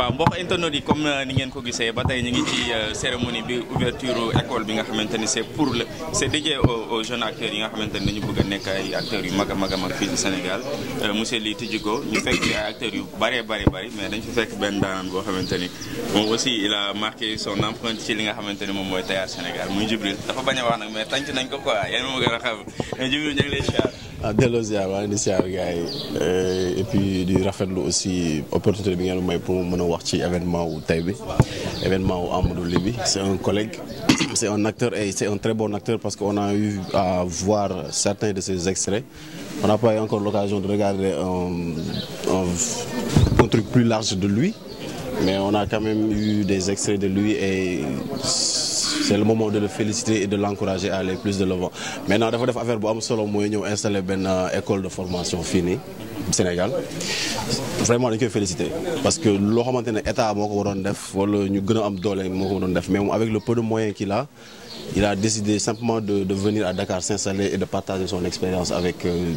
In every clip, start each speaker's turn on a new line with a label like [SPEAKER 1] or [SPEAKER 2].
[SPEAKER 1] waaw mbokk internet yi comme euh, ni ngeen ko gisee ba tey ñu ngi ci euh, cérémonie bi ouverture école bi nga xamante c'est pour le c'est dédié aux jeunes acteurs yi nga xamante ni dañu bëgg a nekk ay acteurs yu mag a mag a mag fii du Sénégal euh, ñu fekk ay acteurs yu bëree bëri bëri mais dañ fi fekk benn daanaan boo xamante ni moom aussi il a marqué son empreinte ci li nga xamante moom mooy théâtre Sénégal muy Djibril dafa bañ a wax nag mais tànc nañ ko
[SPEAKER 2] ah delloo ziar maa di ziar gars euh, rafetlu aussi opportunité bi ngeen may pour mën a wax ci événement wu tey bi événement wu Amadou Ly bi c'est un collègue c'est un acteur et c'est un très bon acteur parce qu'on a eu voir certains de ses extraits on n'a pas eu encore l'occasion de regarder un, un, un plus large de lui mais on a quand même eu des extraits de lui c'est le moment de le féliciter et de l'encourager à aller plus de l'avant maintenant dafa def affaire bu am solo mooy ñëw installer benn euh, école de formation fii nii Sénégal vraiment dañ koy féliciter parce que loo xamante ne état moo ko waroon def wala ñu gën a am doole moo ko waroon def mais moom avec le peu de moyens qu'il a il a décidé simplement de de venir à Dakar s'installer et de partager son expérience avec euh,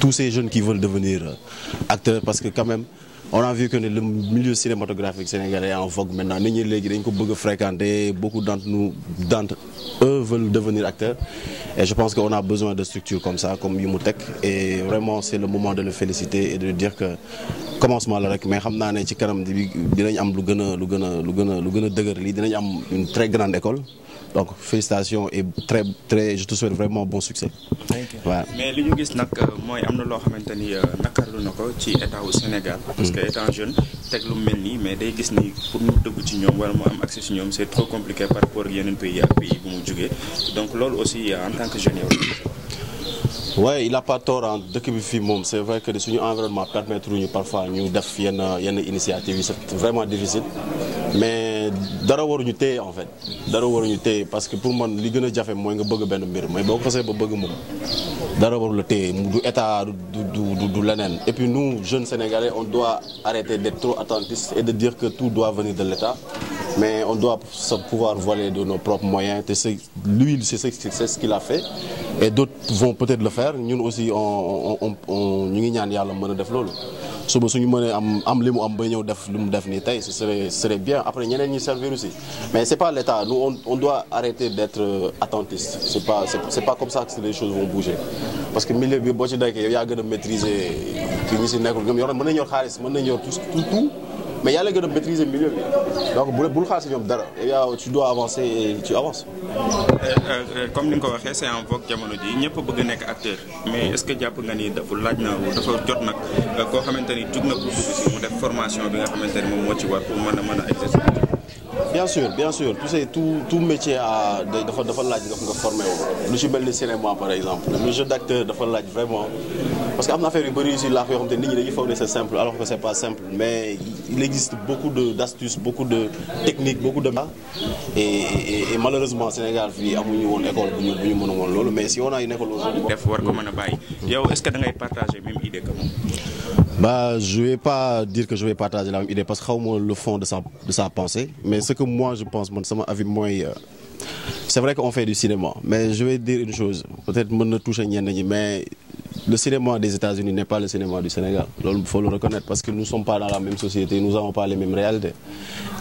[SPEAKER 2] tous ces jeunes qui veulent devenir euh, acteurs parce que quand on a vu que le milieu cinématographique sénégalais est en vogue maintenant nit ñi léegi dañ ko bëgg a fréquenter beaucoup d'entre nous d'entre eux veulent devenir acteurs et je pense que on a besoin de structures comme ça comme yu mu teg et vraiment c'est le moment de le féliciter et de dire que commencement la rek mais xam na ne ci kanam dinañ am lu gën a lu gën a lu gën a lu gën a dëgër lii dinañ am une très grande école donc félicitations et très très je te vraiment bon succès. voilà
[SPEAKER 1] mais li ñu gis nag euh, mooy am na loo xamante ni euh, nakarlu na ko ci état wu Sénégal. parce que mm. étant jeune teg lu mel nii mais day gis ni pour mu dëgg ci ñoom wala mu am accès ci ñoom c'est trop compliqué par rapport ak yeneen pays ak pays bu mu jógee donc loolu aussi euh, en tant
[SPEAKER 2] que jeune yow. waaye il a pas tort en dëkk bi fii moom c'est vrai que suñu environnement permettre ñu parfois ñu def yenn yenn initiative yi c'est vraiment difficile dara waruñu téye en fait dara waruñu téye parce que pour man li gën a jafe mooy nga bëgg benn mbir mais boo xasee ba bëgg moom dara waru la téye du état du du du leneen et puis nous jeunes sénégalais on doit arrêter d'être trop attentiste et de dire que tout doit venir de l'état mais on doit se pouvoir voler de nos propres moyens te c'est lui c'est c'est ce qu'il a fait et d'autres vont peut-être le faire ñun aussi on on on ñu ngi ñaan yàlla mën a def loolu. suba suñu mënee am am li mu am ba ñëw def lu mu def nii tey ce serait bien après ñeneen ñi servir aussi mais c'est pas l'État nous on, on doit arrêter d'être euh, attentiste c'est pas comme ça que les choses vont bouger parce que milieu bi boo ci nekkee yow yaa gën maîtriser ki ñu si nekkul yo yor mën nañ yor xaalis mën nañ yor tout tout tout mais yàlla gën a maîtriser milieu bi donc bu euh,
[SPEAKER 1] euh, euh, ni nga ko waxee c'est en vogue ñëpp bëgg mais est que jàpp laaj na dafa jot nag koo xamante ni jug na pour dugg si mu def formation bi nga xamante ni moom moo ci war pour mën a mën a exercer.
[SPEAKER 2] bien sûr bien sûr tu sais tout tout dafa laaj nga formé lu ci mel ni cinéma par exemple le jeu d'acteur dafa laaj vraiment parce que am na affaire yu bëri yu si laax yoo xam te nit ñi dañuy foog ne c'est simple alors c'est pas simple mais il existe beaucoup d'astuces beaucoup de techniques beaucoup de et, et, et malheureusement Sénégal fii amuñu école bu ñu bu woon loolu mais si on a une école def war ko mën a bàyyi
[SPEAKER 1] yow est-ce que da ngay partager
[SPEAKER 2] même idée que moom bah je vais pas dire que je vais partager la même idée parce que xaw le fond de sa pensée mais ce que moi je pense man sama avis mooy euh, c'est vrai qu'on fait du cinéma mais je vais dire une chose peut-être mën na toucher ñenn le cinéma des États-Unis n'est pas le cinéma du Sénégal loolu il faut le reconnaître parce que nous ne sommes pas dans la même société nous n'avons pas les mêmes réalités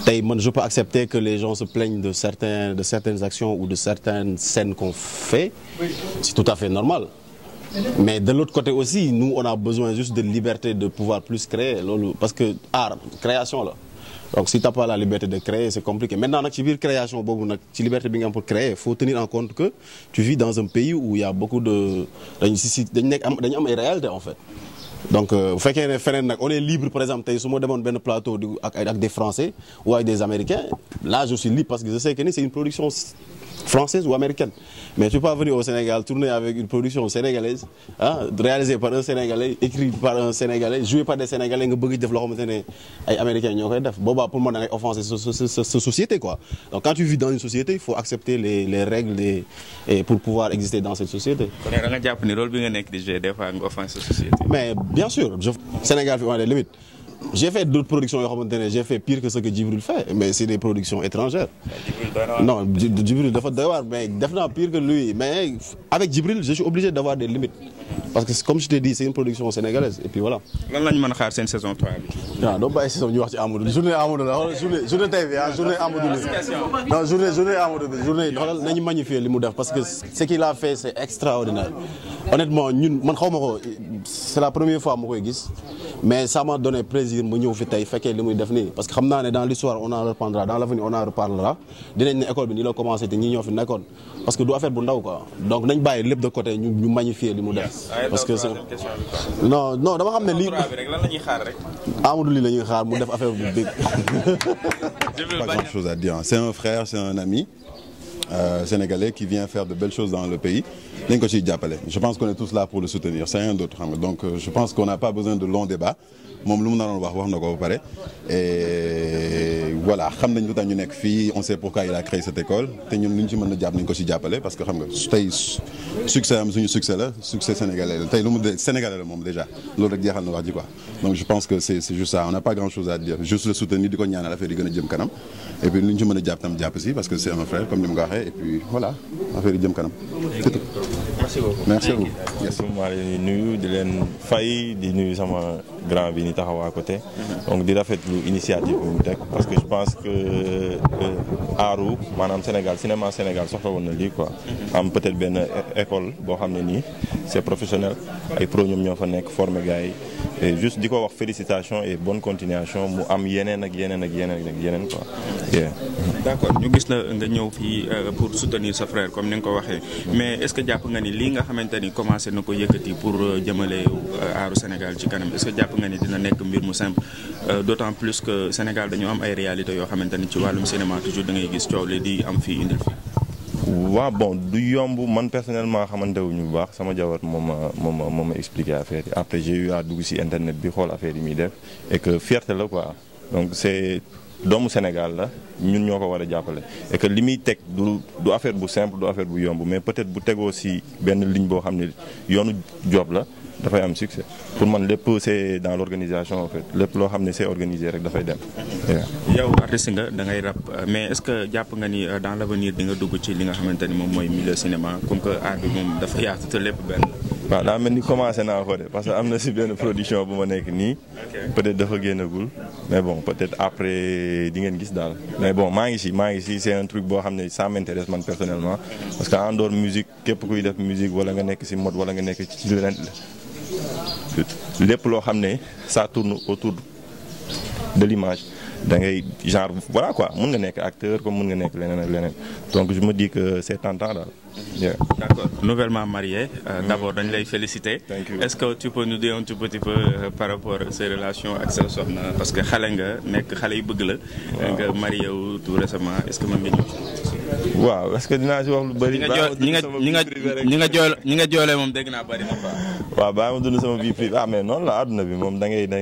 [SPEAKER 2] tey man je peux accepter que les gens se plaignent de certains de certaines actions ou de certaines scènes qu'on fait c'est tout à fait normal mais de l'autre côté aussi nous on a besoin juste de liberté de pouvoir plus créer loolu parce que art création là donc si t'as pas la liberté de créer c'est compliqué maintenant nag ci biir création boobu nag ci liberté bi pour créer faut tenir en compte que tu vis dans un pays où y a beaucoup de dañ si am dañu am ay donc euh, bu fekkee ne feneen nag on est libre par exemple tey su ma demoon benn plateau di ak ak des français ou avec des américains là je suis libre parce que je sais que ni c'est une production française ou américaine. Mais tu peux pas venir au Sénégal tourner avec une production sénégalaise, hein, réalisée par un Sénégalais, écrite par un Sénégalais, jouée par des Sénégalais, nga bëgg def loo xamante ne ay Américains ñoo koy def. Boobaa pour moi da ngay offenser sa société quoi. Donc quand tu vis dans une société, il pour pouvoir exister dans cette société. Mais bien sûr, Sénégal fi on a j'ai fait d'autres productions yoo xamante ne j'ai fait pire que ce que Djibril fait mais c'est des productions étrangères. non Djibril dafa doy waar mais def naa pire que lui mais avec Djibril je suis obligé d'avoir des limites parce que comme je t'ai dit c'est une production sénégalaise et puis voilà. lan journée Amadou journée ah, journée journée Amadou li mu def parce que ce qu'il a fait c'est extraordinaire honnêtement ñun man xaw ko c'est la première fois ma koy gis. mais ça m'a donné plaisir ma ñëw fi tey fekkee li muy def nii parce que xam naa ne dans l'histoire on en reprendra dans l'avenir on en reparlera dinañ ne école bi nii la commencé te ñi ñoo fi nekkoon parce que du affaire bu ndaw ko donc nañ bàyyi lépp de côté ñu ñu magnifier li mu def. parce que non non dama xam ne lii. lan la ñuy xaar lii la ñuy xaar mu def affaire bu big. pas grand chose à dire c'est un frère c'est un ami. Euh, sénégalais qui vient faire de belles choses dans le pays dañ ko ciy je pense qu'on est tous là pour le soutenir c'est rien d'autre euh, je pense qu'on n'a pas besoin de longs débats moom lu mu naroon wax wax na ko pare et voilà xam nañ nekk fii on sait pourquoi il a créé cette école te ñun ñu ci mën a jàpp que xam nga succès la succès sénégalais la tey la moom déjà loolu rek jeexal je pense que c'est c'est ça on n'a pas grand chose à dire juste le soutenir di ko ñaanal affaire yi gën a kanam et puis lu waxee puis voilà affaire jëm kanam. merci beaucoup merci beaucoup. merci maa leen nuyu di leen fay di nuyu sama
[SPEAKER 3] grand bi ni taxawaa à côté. donc di rafetlu initiative bu mu teg parce que je pense que euh, aaru maanaam Sénégal cinéma Sénégal soxla woon na lii quoi. am peut-être benn école boo xam ne nii c'est professionnel ay pro ñoom ñoo fa nekk former yi. et juste di ko wax félicitations et bonne continuation mu am yeneen ak yeneen ak yeneen ak yeneen quoi.
[SPEAKER 1] d'accord ñu gis la nga ñëw fii euh, pour soutenir sa frère comme ni nga ko waxee mais est-ce que jàpp nga ni lii nga xamante ni commencé na ko yëkkati pour euh, jëmale euh, aaru Sénégal ci kanam est jàpp nga ni dina nekk mbir mu simple d'autant plus que Sénégal dañu am ay réalité yoo xamante ni ci wàllum cinéma toujours da ngay gis coow li di am fii indil fii.
[SPEAKER 3] waaw bon du yomb man personnellement xamante wuñu bu baax sama jabar moom ma moom ma expliqué affaire yi après j'ai dugg si internet bi xool affaire yi muy def et que fierté la quoi donc c'est doomu Sénégal la ñun ñoo ko war a jàppale et li muy teg du du affaire bu simple du affaire bu yomb mais peut-être bu tegoo si benn ligne boo xam ne yoonu job la dafay am succès pour man lépp c'est dans l'organisation en fait lépp loo xam ne c'est organisé rek dafay dem.
[SPEAKER 1] yow artiste nga da ngay rap euh, mais est-ce jàpp nga ni euh, dans l'avenir di nga dugg ci li nga xamante ni moom mooy milieu cinéma comme que art bi moom dafa yaatu te lépp benn. waaw daa
[SPEAKER 3] mel ni commencé naa ko de parce que am na si benn production bu ma nekk nii. peut-être dafa génnagul. mais bon peut-être après di ngeen gis daal. mais bon maa ngi si maa ngi si c'est un truc boo xam ne ça m'intéresse man personnellement. parce que en dehors musique képp kuy def musique wala nga nekk si mode wala nga nekk ci leneen lépp loo xam ne ça tourne autour de l'image da ngay genre voilà quoi mun nga nekk acteur comme mun nga nekk leneen ak leneen donc je me dis que daal. Yeah. D'accord.
[SPEAKER 1] Nouvellement marié, euh, mm. d'abord, dañ lay féliciter. Est-ce que tu peux nous dire un tout petit peu euh, par rapport ces relations ak sa parce que xale nga nekk xale yu bëgg la. nga marié wu tout récemment est-ce que man nga ñëw
[SPEAKER 3] waaw parce que dinaa si wax lu bëri. ñi nga ñi nga ñi nga jooy ñi nga jooylee moom dégg naa bëri na quoi. waaw bàyyi ma dund sama vie ah, noonu la àdduna bi moom da ngay da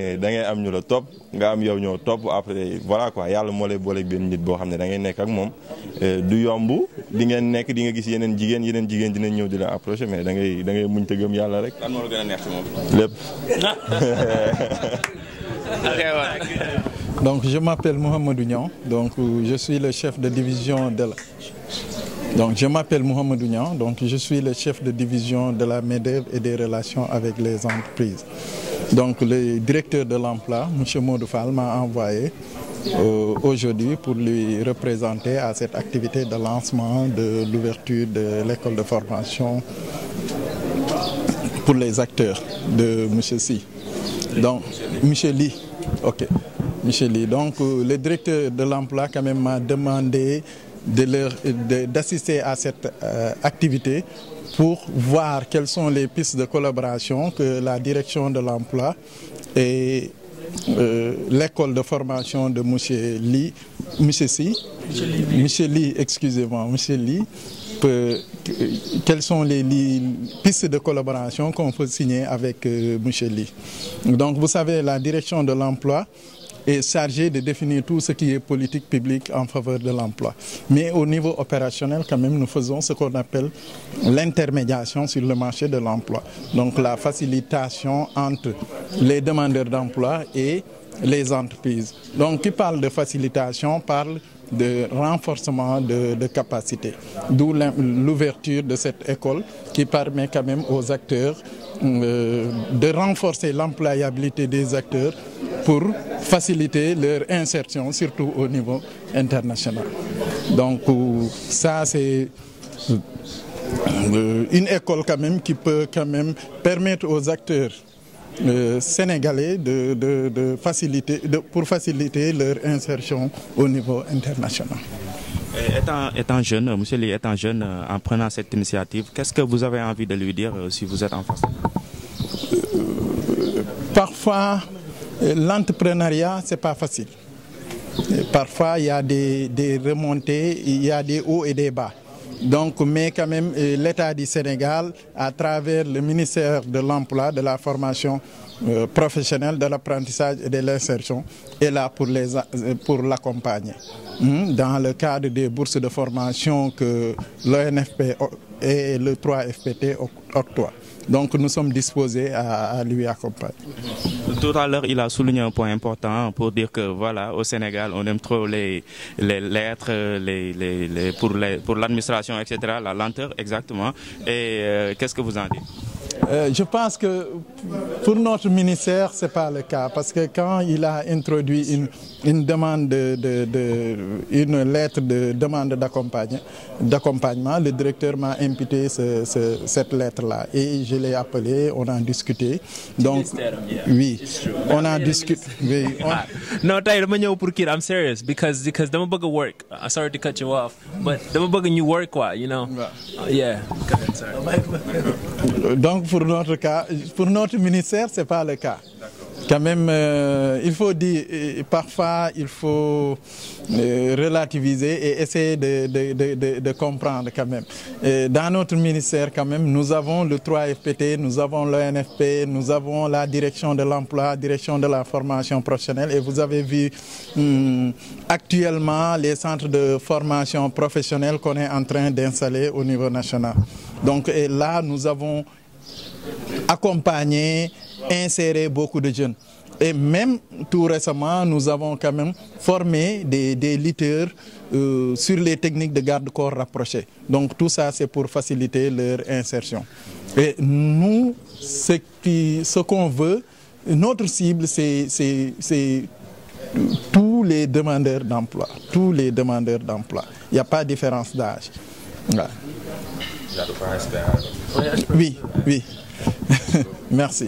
[SPEAKER 3] am ñu la topp nga am yow ñoo topp après voilà quoi yàlla moo lay booleeg benn nit boo xam ne da ngay nekk ak moom. Euh, du yomb di ngeen nekk di nga gis yeneen jigéen yeneen jigéen dinañ ñëw di la
[SPEAKER 4] approché mais da ngay da ngay muñ te rek.
[SPEAKER 3] lan moo la
[SPEAKER 1] gën
[SPEAKER 4] Donc, je m'appelle Mohamed Ounian, donc je suis le chef de division de la... Donc, je m'appelle Mohamed Ounian, donc je suis le chef de division de la MEDEV et des relations avec les entreprises. Donc, le directeur de l'emploi, M. Modoufal, m'a envoyé euh, aujourd'hui pour lui représenter à cette activité de lancement de l'ouverture de l'école de formation pour les acteurs de monsieur Si. Donc, M. Lee, Michel Lee. Donc euh, le directeur de l'emploi quand même m'a demandé d'assister de de, à cette euh, activité pour voir quelles sont les pistes de collaboration que la direction de l'emploi et euh, l'école de formation de Monsieur Lee, Monsieur Si, Monsieur Lee, excusez-moi, Monsieur li peut, quelles sont les, les, pistes de collaboration qu'on peut signer avec euh, Monsieur Lee. Donc vous savez, la direction de l'emploi est chargé de définir tout ce qui est politique publique en faveur de l'emploi. Mais au niveau opérationnel, quand même, nous faisons ce qu'on appelle l'intermédiation sur le marché de l'emploi. Donc la facilitation entre les demandeurs d'emploi et les entreprises. Donc qui parle de facilitation parle de renforcement de, de capacité, d'où l'ouverture de cette école qui permet quand même aux acteurs Euh, de renforcer l'employabilité des acteurs pour faciliter leur insertion, surtout au niveau international. Donc euh, ça, c'est euh, une école quand même qui peut quand même permettre aux acteurs euh, sénégalais de, de, de de, pour faciliter leur insertion au niveau international.
[SPEAKER 1] Et étant, étant, jeune, monsieur Lee, étant jeune, en prenant cette initiative, qu'est-ce que vous avez envie de lui dire euh, si vous êtes en face
[SPEAKER 4] parfois, euh, l'entrepreneuriat, c'est pas facile. Parfois, il y a des, remontées, il y a des hauts et des bas. Donc, mais quand même, euh, l'État du Sénégal, à travers le ministère de l'Emploi, de la formation euh, professionnelle, de l'apprentissage et de l'insertion, et la pour les pour l'accompagner. Hmm? Dans le cadre des bourses de formation que l'ONFP et le 3FPT octroient. Donc nous sommes disposés à, à, lui accompagner.
[SPEAKER 1] Tout à l'heure, il a souligné un point important pour dire que voilà, au Sénégal, on aime trop les, les lettres, les, les, les pour l'administration, pour etc., la lenteur, exactement. Et euh,
[SPEAKER 4] qu'est-ce que vous en dites euh, je pense que pour notre ministère, ce n'est pas le cas, parce que quand il a introduit une une demande de, de, de, une lettre de demande d'accompagnement. Le directeur m'a imputé ce, ce, cette lettre-là et je l'ai appelé, on a discuté. Donc, oui, on a discuté. Oui,
[SPEAKER 1] on... no, Tay, let me pour kid. I'm serious because because them bug work. I'm ah, sorry to cut you off, but them bug you work what, you know. Ah, yeah. Ahead,
[SPEAKER 4] Donc pour notre cas, pour notre ministère, c'est pas le cas. quand même, euh, il faut dire, euh, parfois, il faut euh, relativiser et essayer de, de, de, de comprendre quand même. Et dans notre ministère, quand même, nous avons le 3FPT, nous avons l'ONFP, nous avons la direction de l'emploi, direction de la formation professionnelle. Et vous avez vu hum, actuellement les centres de formation professionnelle qu'on est en train d'installer au niveau national. Donc et là, nous avons accompagner, insérer beaucoup de jeunes. Et même tout récemment, nous avons quand même formé des, des lutteurs euh, sur les techniques de garde-corps rapprochés. Donc tout ça, c'est pour faciliter leur insertion. Et nous, ce qu'on ce qu'on veut, notre cible, c'est tous les demandeurs d'emploi. Tous les demandeurs d'emploi. Il n'y a pas différence d'âge.
[SPEAKER 1] Ouais. Oui,
[SPEAKER 4] oui. Merci.